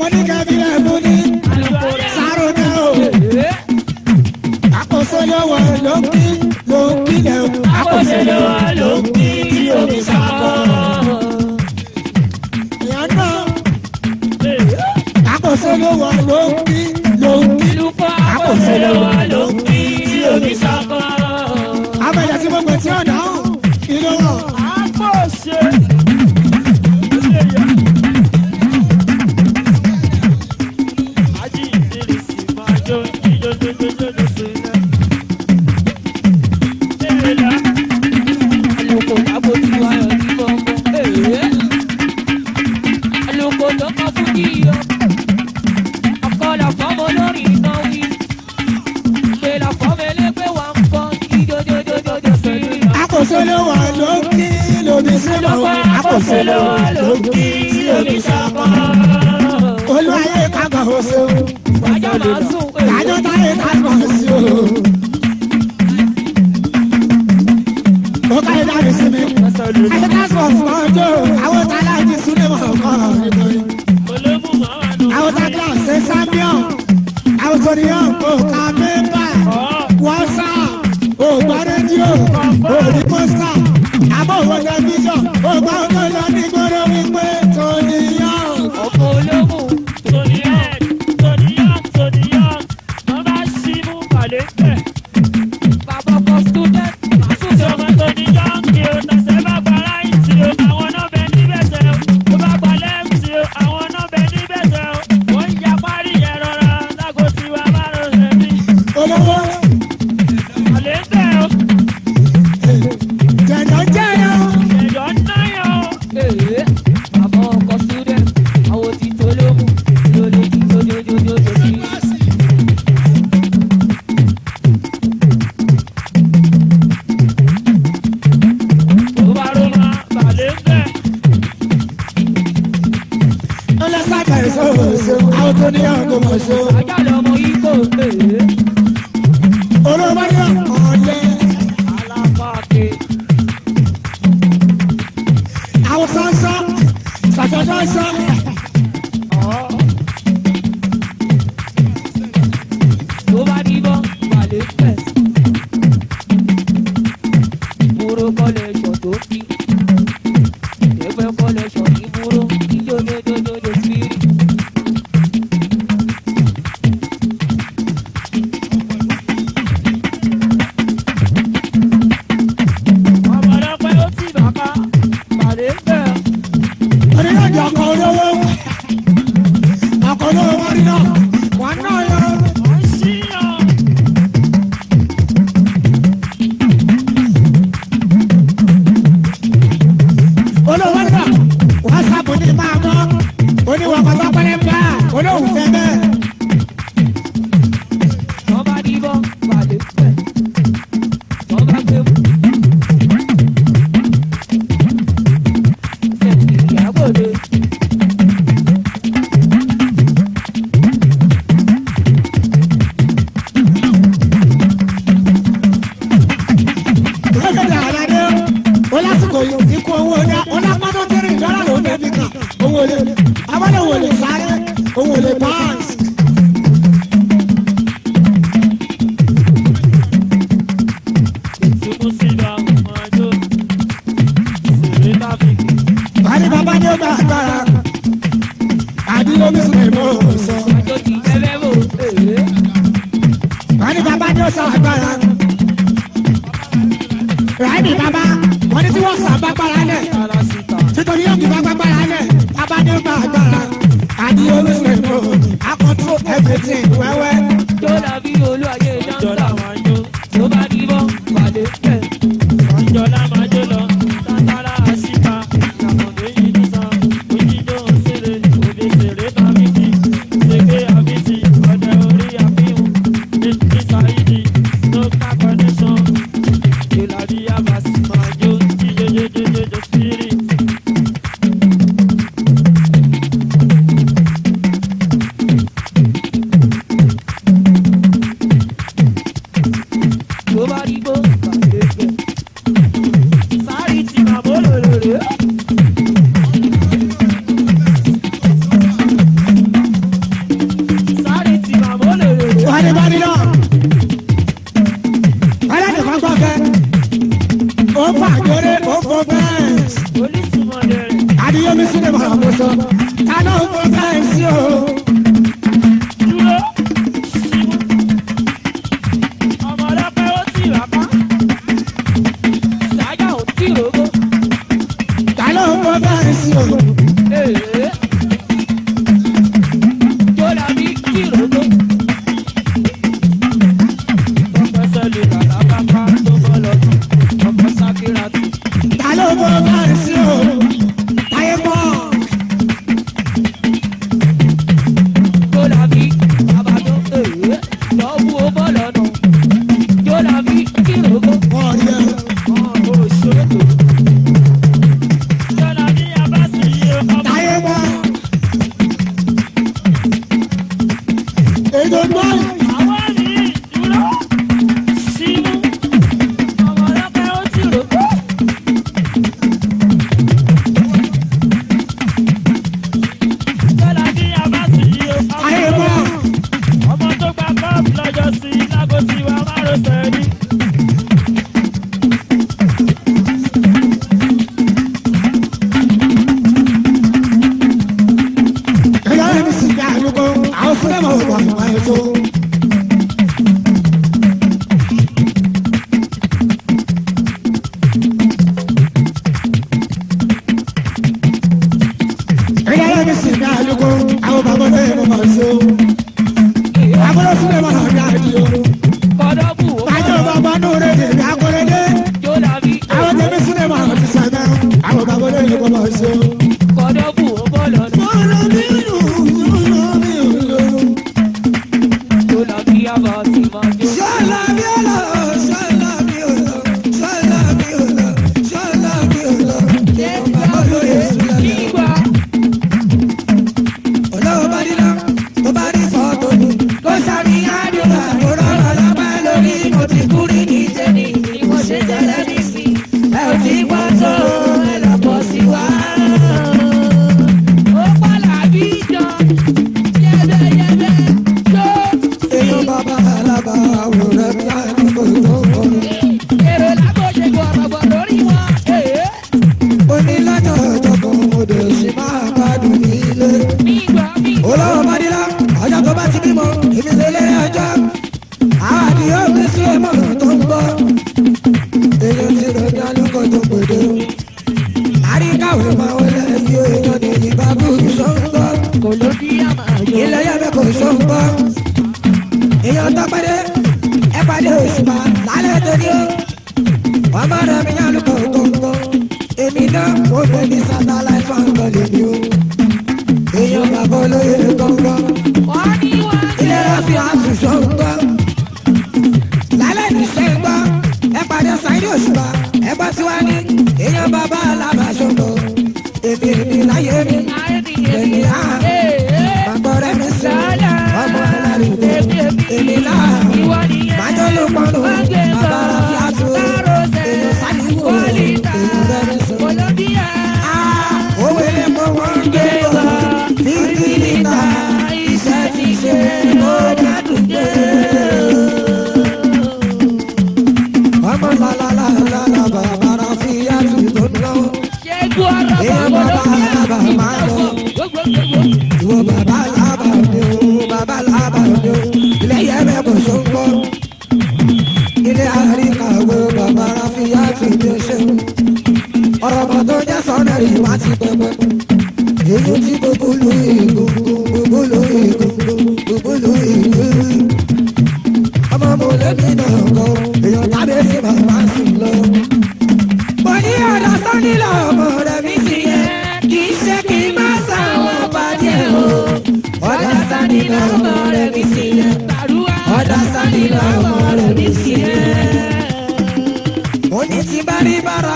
mọ́níkà bílẹ̀ mú ní sáró náà o. àkóso lọ́wọ́ ló ń kí ló ń kílẹ̀ o. àkóso lọ́wọ́ ló ń kí kí omi sàkọ́. ìyá náà àkóso lọ́wọ́ ló ń kí ló ń kí àkóso lọ́wọ́. understanding of our medicine. understanding of our medicine. ó ní tí bá rí bára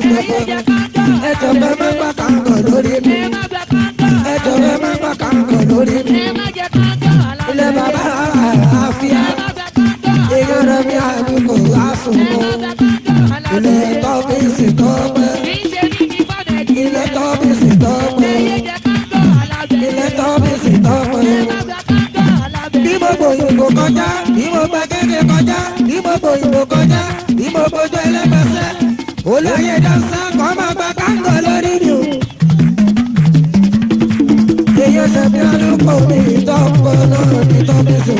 ti gbogbo ẹ̀jọ̀ bẹ́ẹ̀ mẹ́gbà kan lórí mi. ọmọ ọlọ́run ní tọ́fíìsì.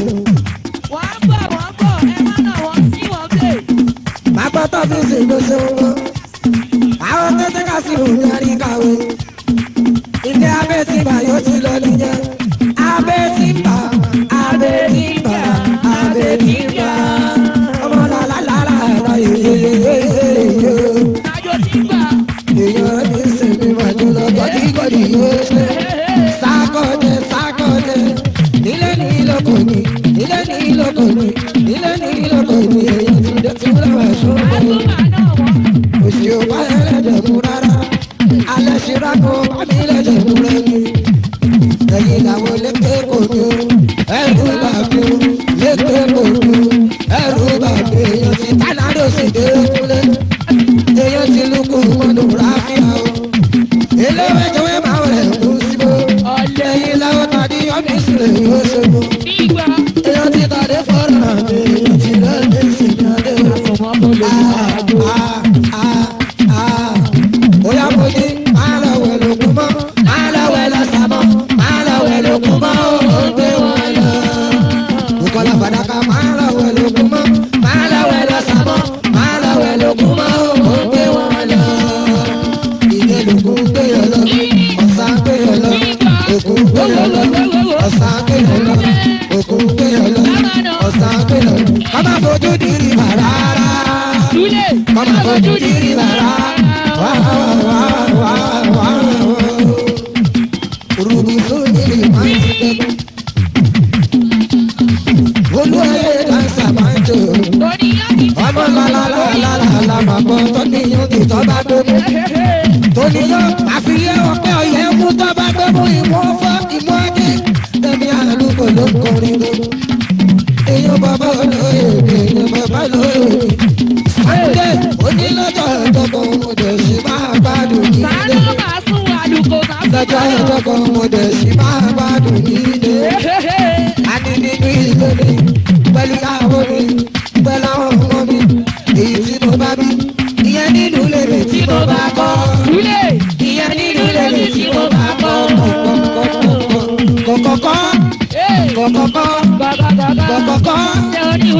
wọ́n bọ̀ wọ́n bọ̀ ẹ má nà wọ́n sí wọn gbé. òun ní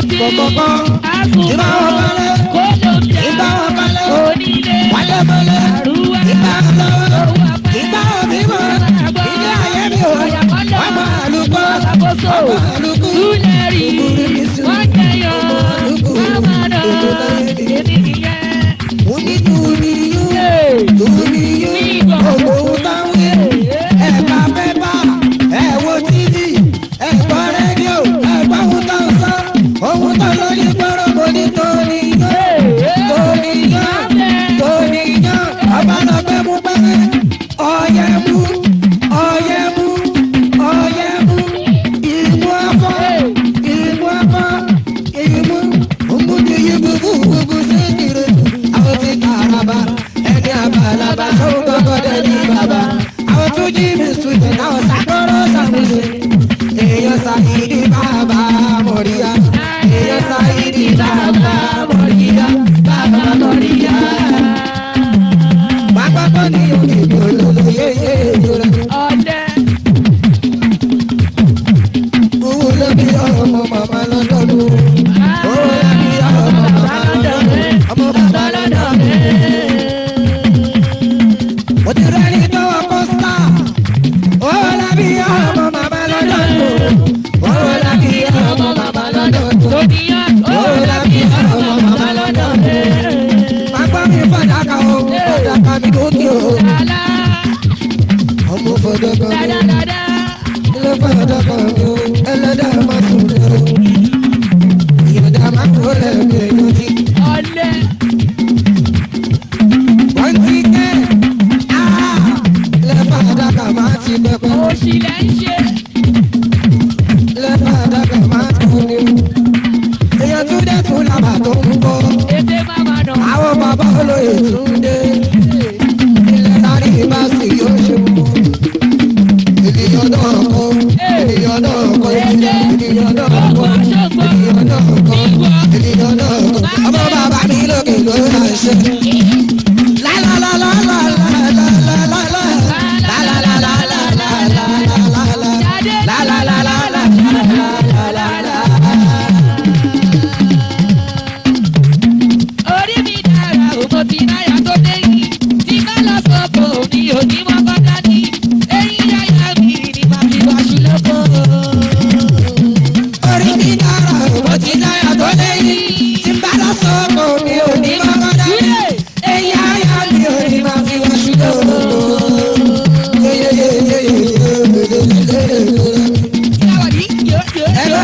kòkòkò ìbá wọn balẹ̀ ìbá wọn balẹ̀ wálé balẹ̀ ìbá wọn lọ ìbá wọn bímọ ilé ayé mi o ọmọ àlùkò ọmọ àlùkò ìbúrú mi sùn ọmọ àlùkò ìbúrú mi sùn.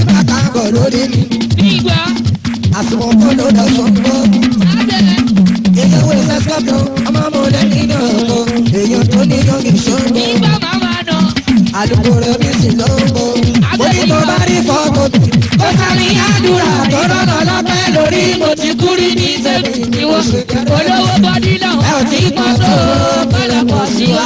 kàkà kọ̀ lórí mi. Nígbà. Àsìkò kọ́ló lọ sọ́kọ́. Sábẹ̀. Ìyàwó ìsẹ́sọ́tò ọmọ mọ̀lẹ́ nínú ọ̀pọ̀. Èèyàn tó ní yọ̀gì ṣọ́ọ̀bù. Nígbà màmá nọ. Alukoro mi sì lóko. Mo ní mo bá rí fọ́ọ̀mù tì. Ó sáré àdúrà tọ́rọ̀ lọ lọ́pẹ́ lórí mo ti kú rí ní ìṣẹ̀lẹ̀. Olówó bọ́dí náà. Ẹ ò tí ì pọ̀ tó pẹ̀lẹ́pọ̀ sí wa.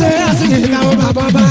ṣe àṣìkè káwọn bàbá bá.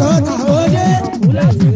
kọ́kọ́ kà ó dé.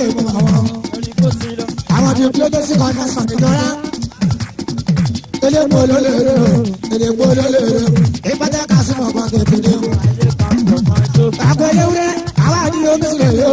lè mú àwọn àwọn tí ó dé sí kọ́ńtà sọ̀tìdọ́rà elépo ló lè rè o elépo ló lè rè o ìpàtẹ́ kásìmọ̀ kan kò tẹ̀lé o. àgọ́ ewúrẹ́ àwọn àdìyẹ omi sì lè rè o.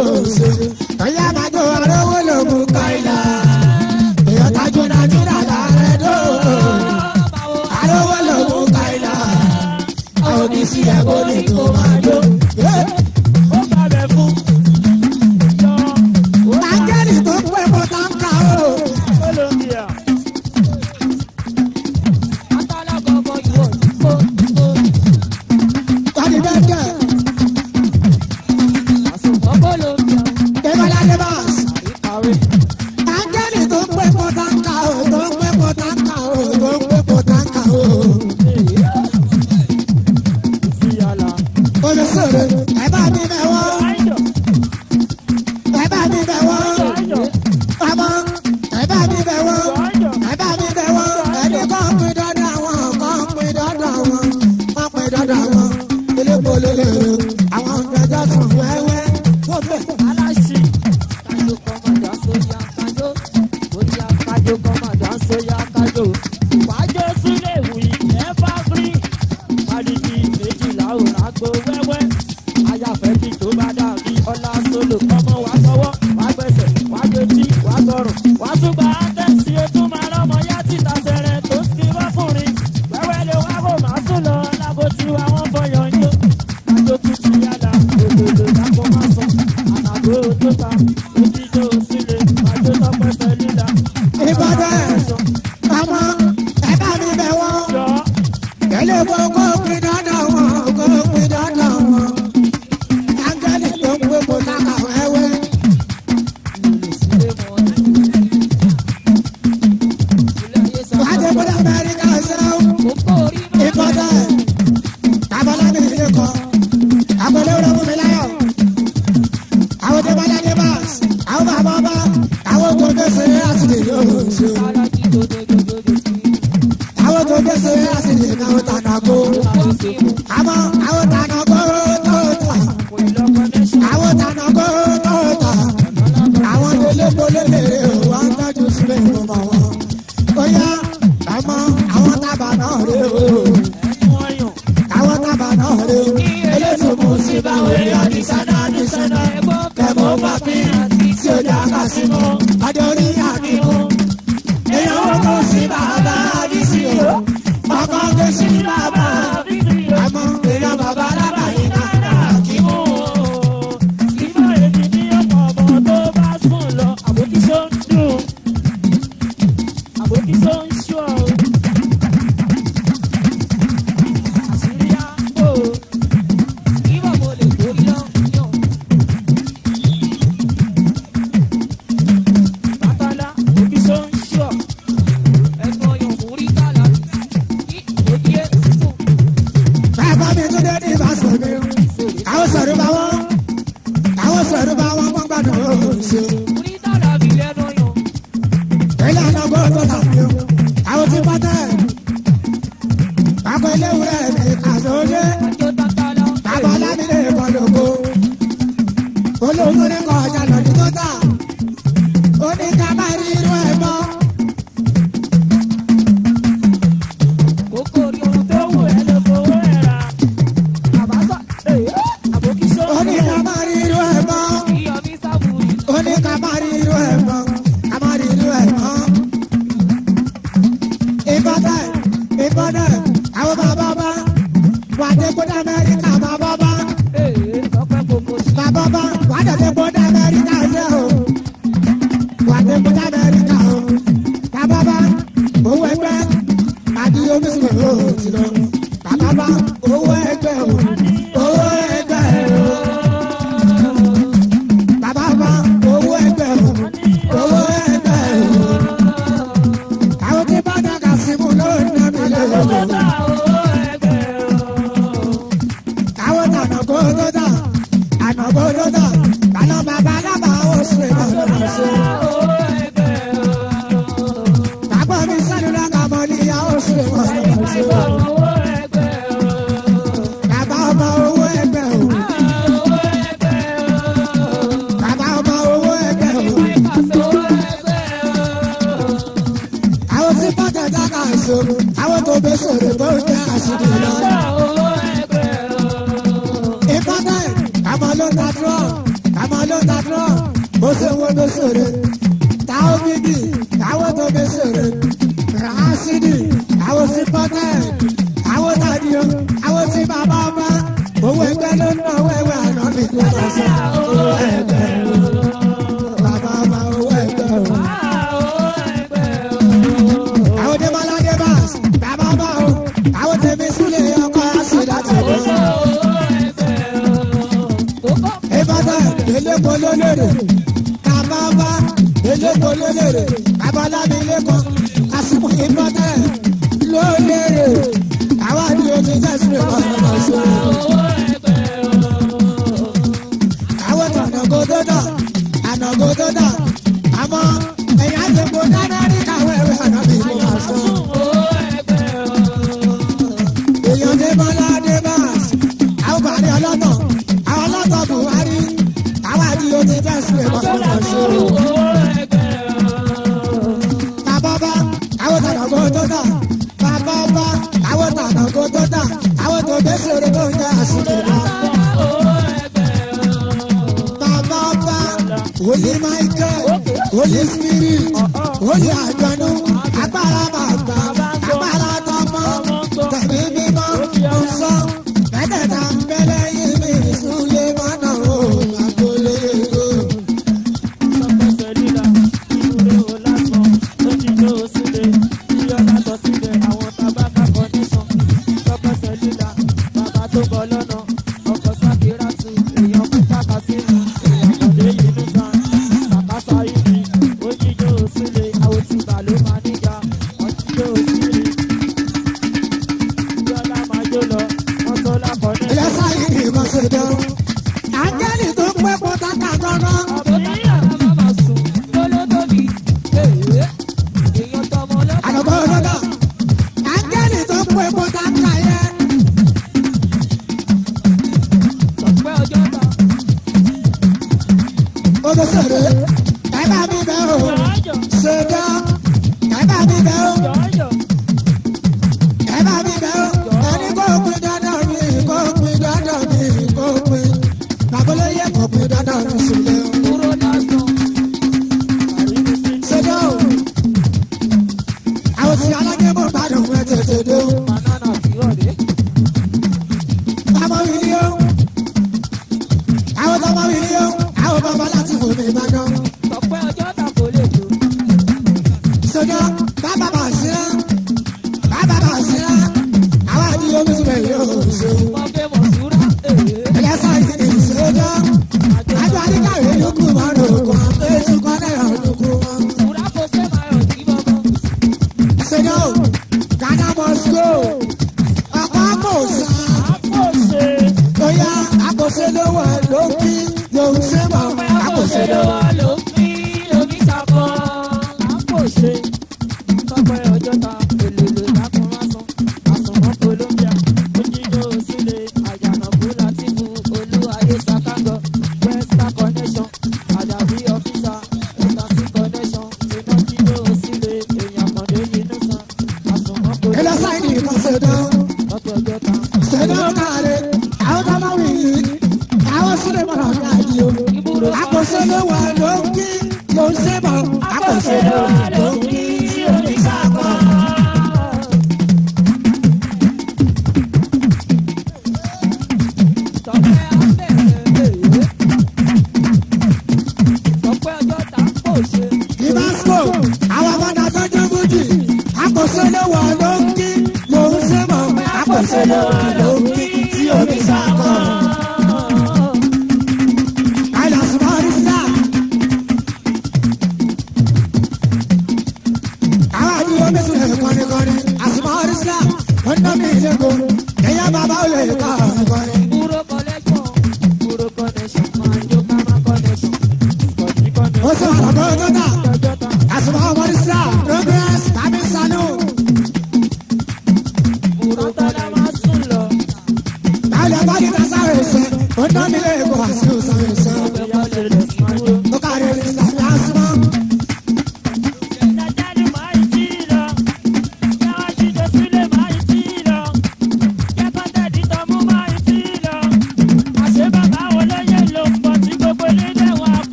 Yes.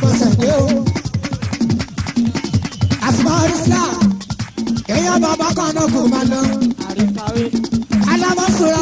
fẹsẹ̀ pé o. àsìkò ọ̀rísíà èèyàn bàbá kan náà kò máa lọ. alábàṣọ́ra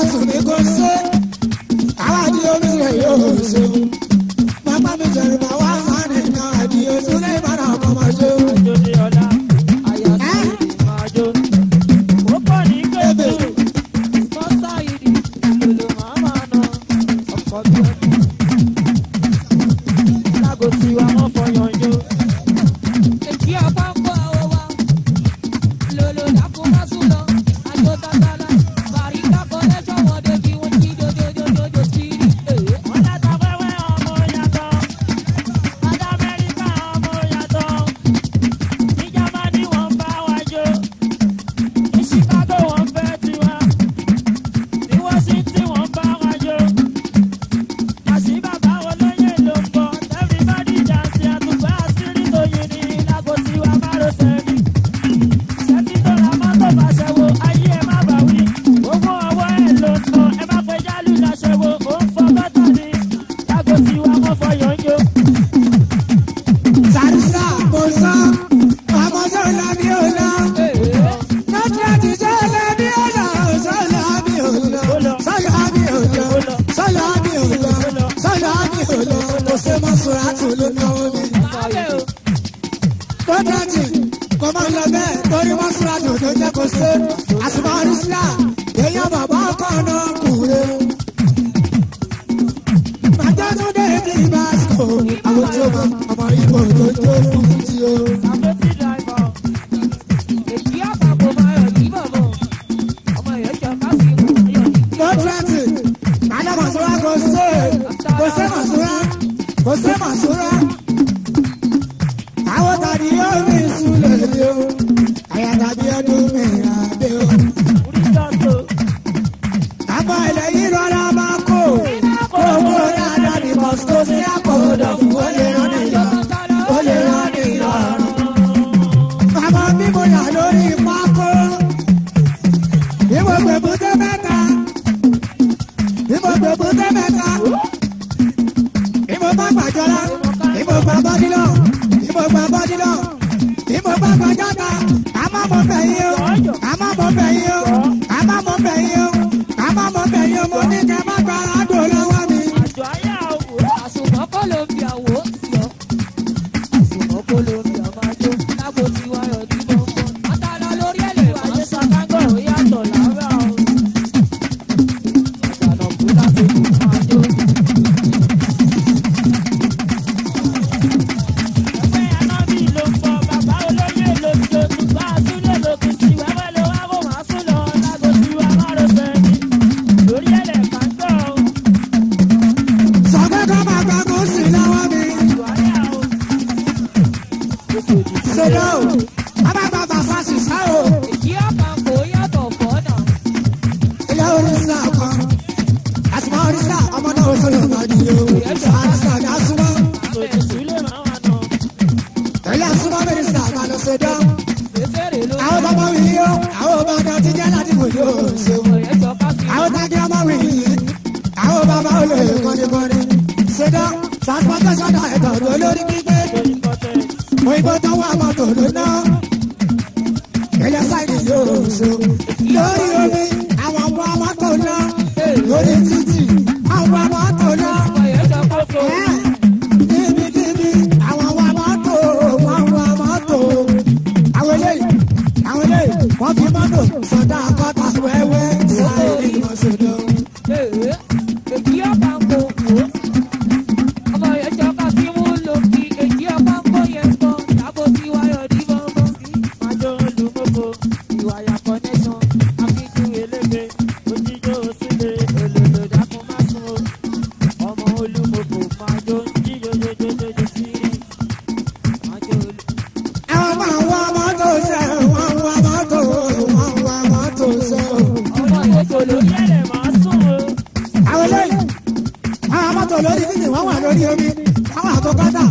tó jẹ́ kó ṣe àtìmọ́ oníṣẹ́ sọ gádà.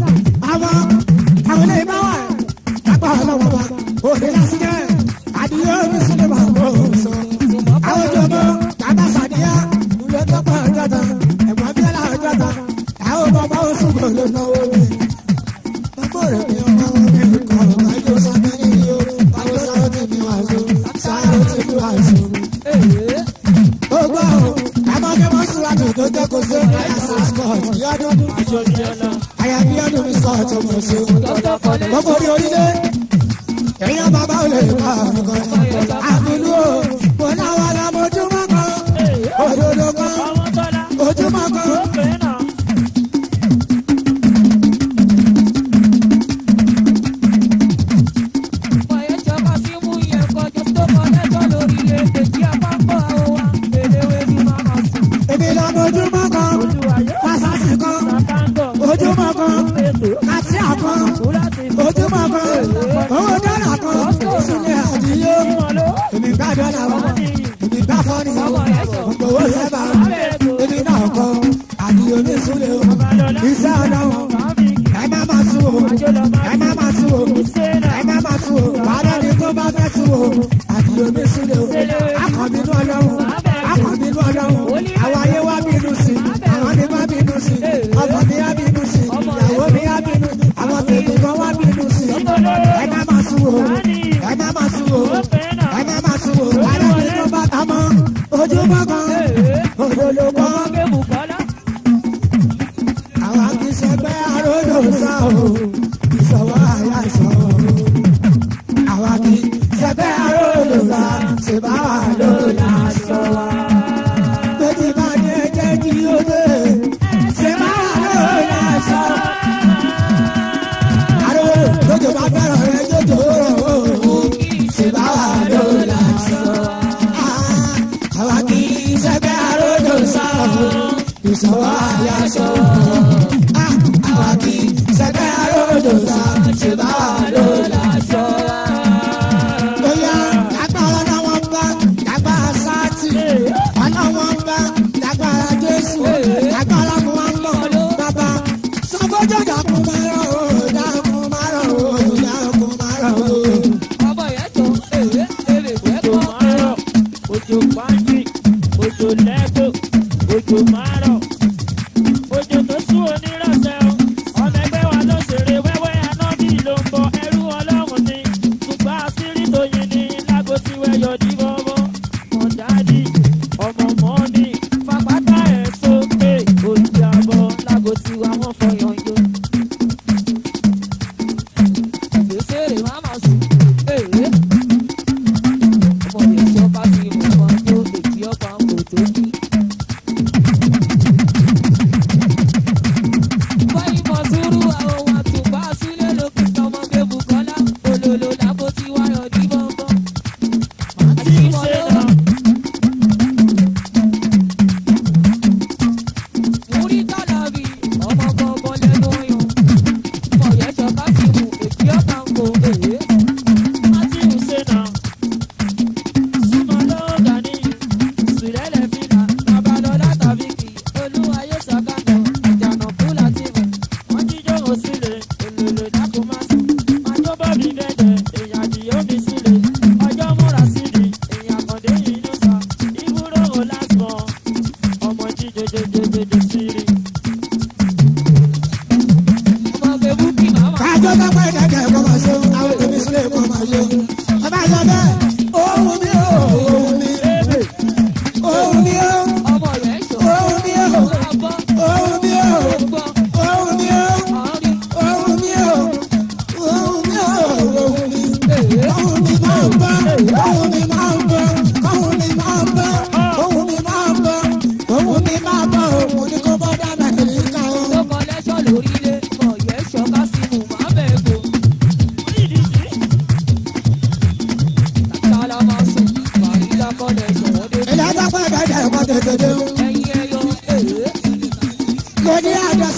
ẹ má má sùn o.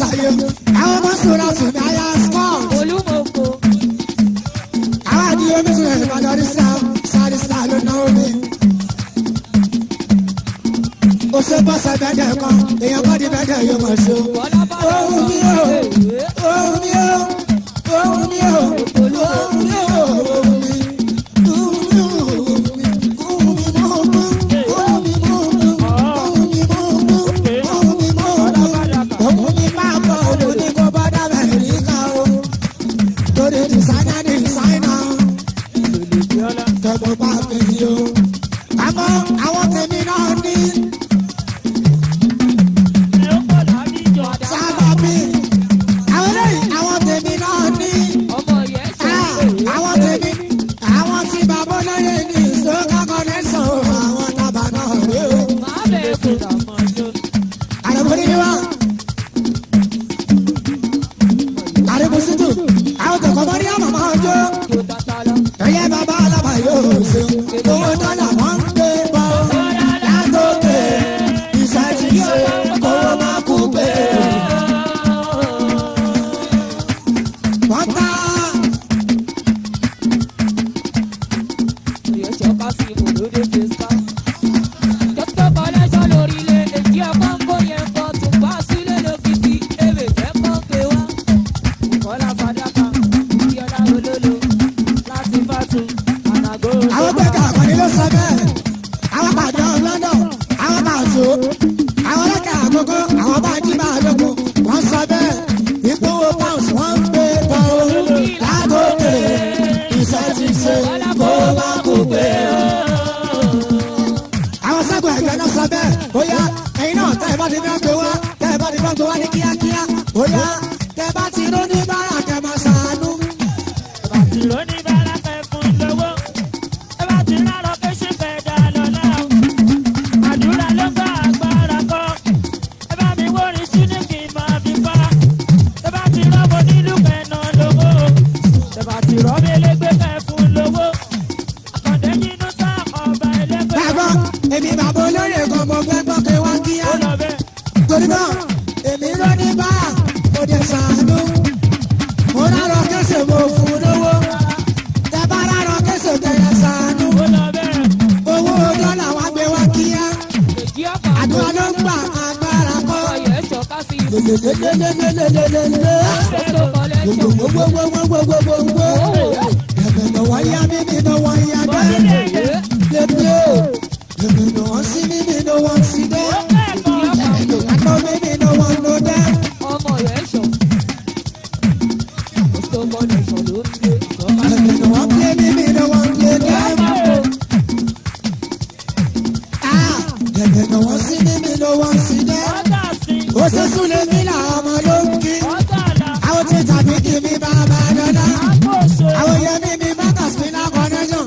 àwọn ọmọ sùúrà sùnmí àyà small. olúmọ̀kọ. àwọn àdìyẹ omi sùn ẹ̀sìn padà orí sáà sáré sáà ló náwó mi. oṣù bọ́sẹ̀ bẹ́ẹ̀ kan èèyàn bá di bẹ́ẹ̀ yóò mọ̀ ṣó. ohun mi ò Oh mi oh ohun oh ò. tún. àwọn gbẹ̀gà àkànní ló sọ bẹ́ẹ̀ àwọn pàjọ London àwọn pàṣọ àwọn ọlọ́kà àkókò àwọn bá jí bá lókun wọ́n sọ bẹ́ẹ̀ ìpowó pounds wọ́n ń gbé tán o lágòkè iṣẹ́ ti ṣe kó má kó gbé o. àwọn sẹ́gun ẹ̀gbẹ́ náà sọ bẹ́ẹ̀ bóyá ẹ̀yin náà tẹ́ ẹ bá ti fẹ́ pé wá tẹ́ ẹ bá ti fẹ́ pé wá ní kíákí. ẹ̀tọ̀wọ́ sí níbi ló wọ́n sí dẹ́. ó ṣe súnlé fílà ọmọ ló ń kí. àwọn tí tàbí kí mi bá bá dọ́là. àwọn yẹmi mi mọ́tàs mi náà kọ́ nẹ́jọ̀.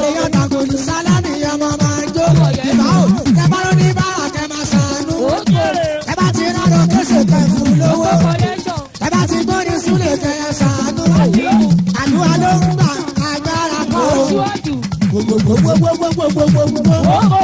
èèyàn tàgòlù sálámì ọmọ máa jó. ìbá ò tẹ bá ló ní bá àkẹ́ máa ṣàánú. ẹ bá ti rárọ̀ kéṣe kẹfù lówó. ẹ bá ti gbóni súnlé kẹyẹ ṣàánú. àdúrà ló ń gbà agbára kọ́. gbogbo gbogbo gbogbo gbogbo gbogbo.